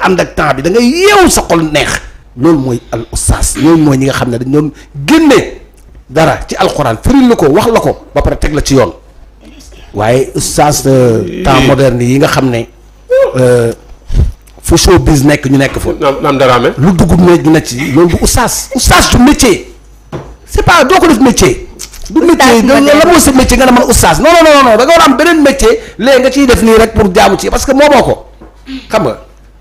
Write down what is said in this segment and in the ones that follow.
nga ànd ak temps bi da ngay yeewu sa xol neex loolu mooy al ustaas loolu mooy ñi nga xam ne dañ doon génne dara ci alxuraan firil la ko wax la ko ba pare teg la ci yoon waaye ustaas euh, temps moderne yi nga xam ne euh, fu showbiz nekk ñu nekk fa. naam daraame. lu dugub ne ñu ne ci loolu du ustaas ustaas du métier c'est pas doo ko def métier. du métier nga la moo sa métier nga ne man ustaas non non non da nga war am beneen métier lee nga ciy def nii rek pour jaamu ci parce que moomoo ko xam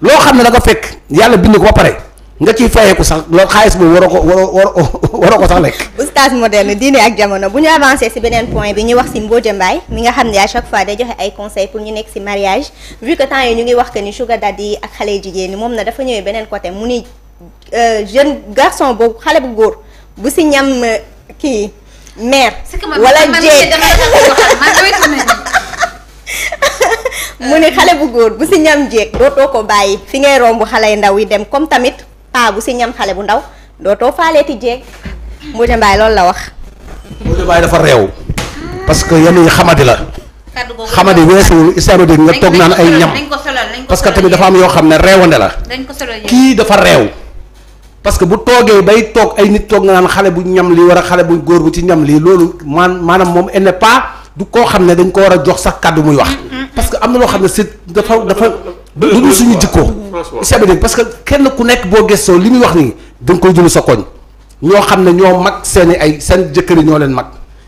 loo xam ne da nga fekk yàlla bind ko ba pare nga ciy fayeeku sax loolu xaalis boobu waroo ko waroo waroo ko sax lekk. oustaz moderne diine ak jamono bu ñu avancé si beneen point bi ñu wax si Mbodja Mbaye mi nga xam ne à chaque fois day joxe ay conseils pour ñu nekk si mariage vu que temps yi ñu ngi wax que ni sugar daddy ak xale jigéen ñi moom na dafa ñëwee beneen côté mu ni euh, jeune garçon boobu xale bu góor bu si ñam euh, kii mère. wala jéeg mu ni xale bu góor bu si ñam jeeg dootoo ko bàyyi fi ngay romb xale ndaw yi dem comme tamit paa bu si ñam xale bu ndaw dootoo faaleeti jeeg Mbodja Mbaye loolu la wax. Mbodja Mbaye dafa réew. parce que yenn yi xamadi la. xamadi weesu islaama dégg nga toog naan ay ñam. parce que tamit dafa am yoo xam ne réewande la. kii dafa réew. parce que bu toogee bay toog ay nit toog nga naan xale bu ñam lii war a xale bu góor bu ci ñam lii loolu man maanaam moom elle n'est du koo xam ne dañ ko war a jox sax kàddu muy wax. parce que am na loo xam ne c'est dafa dafa du dul suñu jikkoo parce que kenn ku nekk boo gëstoo li muy wax nii da nga koy jëlu sa koñ ñoo xam ne ñoo mag seen ay seen jëkkër yi ñoo leen mag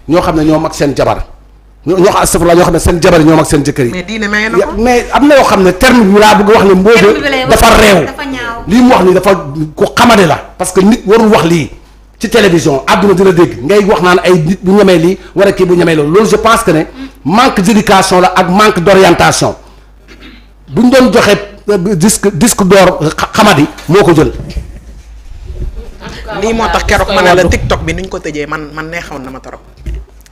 ñoo xam ne ñoo mag seen jabar ñoo ñoo astafurlah ñoo xam ne seen jabar yi ñoo mag seen jëkkër yi. mais am na yoo xam ne terme bi laa bëgg wax ne mboobu dafa réew lii mu wax nii dafa ku xamade la parce que nit warul wax lii ci télévision àdduna dina dégg ngay wax naan ay nit bu ñemee lii war a kii bu ñemee pense que ne manque d'éducation la ak manque d'orientation bu ñu doon joxe euh, disque disque d'or xamadi moo ko jël. lii moo tax keroog ma ne la TikTok bi ni ñu ko tëjee man man neexoon na ma trop.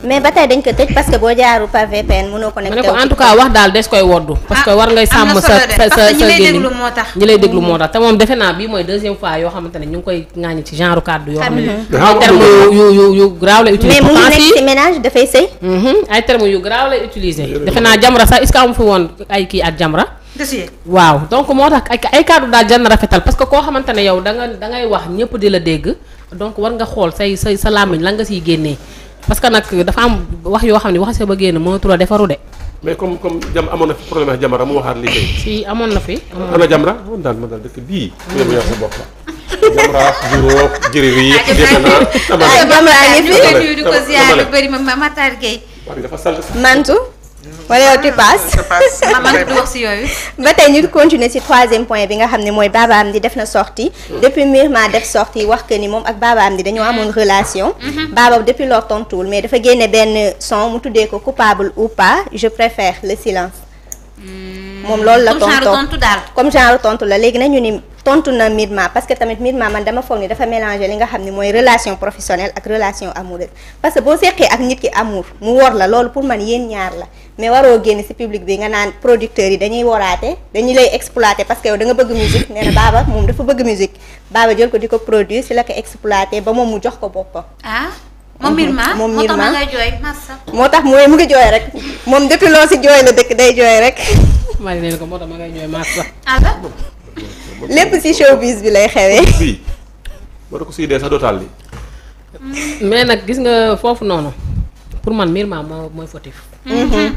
mais ba tey dañ ko tëj parce que boo jaaru par VPN mënoo connecté ko en tout cas wax daal des koy woddu ah, parce que war ngay sàmm sa sa sa lay déglu moo tax te moom defe naa bii mooy deuxième fois yoo xamante ne ñu ngi koy ŋaañi ci genre kàddu yoo xam ne mm-hmm. ay terme yu yu yu graaw lay utiliser mais dafay sëy mm-hmm. ay terme yu graaw lay utiliser defe naa Jamra sax est-ce que amu fi woon ay kii at Jamra waaw donc moo tax ay kàddu daal jar na rafetal parce que koo xamante ne yow da nga wax ñëpp di la dégg donc war nga xool say say sa làmmiñ la nga siy génnee parce que nag dafa am wax yoo xam ne waxase ba génn mënatul a defaru de. mais comme comme jam amoon na fi problème ak Jamra mu waxaat lii tey. si amoon na fi. ana Jamra man daal man ah. sa bopp ah, ah, a fi di ko ziar bëri ma Matar Gueye. waaw dafa sant. Mantu. wala yow tu passes ba tey ñu continuer ci troisième point bi nga xam ne mooy Baba Amdi def na sortie depuis Myrma def sortie wax que ni moom ak Baba Amdi dañoo amoon relation mm-hmm. Mm-hmm. Baba depuis lors tontuwul mais dafa génne benn son mu tuddee ko coupable ou pa je préfère le silence mm. moom loolu la tontu comme genre tontu la léegi nañu ni tontu na Myrma parce que tamit Myrma man dama foog ni dafa mélanger li nga xam ni mooy relation professionnelle ak relation amoureuse parce que boo seqee ak nit ki amour mu wor la loolu pour man yéen ñaar la mais waroo génn ci public bi nga naan producteurs yi dañuy woraate dañu lay exploiter parce que yow da nga bëgg musique nee baaba moom dafa bëgg musique baaba jël ko di ko produire ci la ko exploiter ba moom mu jox ko boppam ah moom Myrma moom Myrma moo tax mooy mu ngi jooy rek moom depuis loo ci jooy la dëkk day jooy rek maa ngi leen ko moo tax ma ngay jooy massa ah, lépp ci showbiz bi lay xewee. boo ko siy dee sax dootal li mais nag gis nga foofu noonu pour man Myrma moo mooy fautif. Mm-hmm.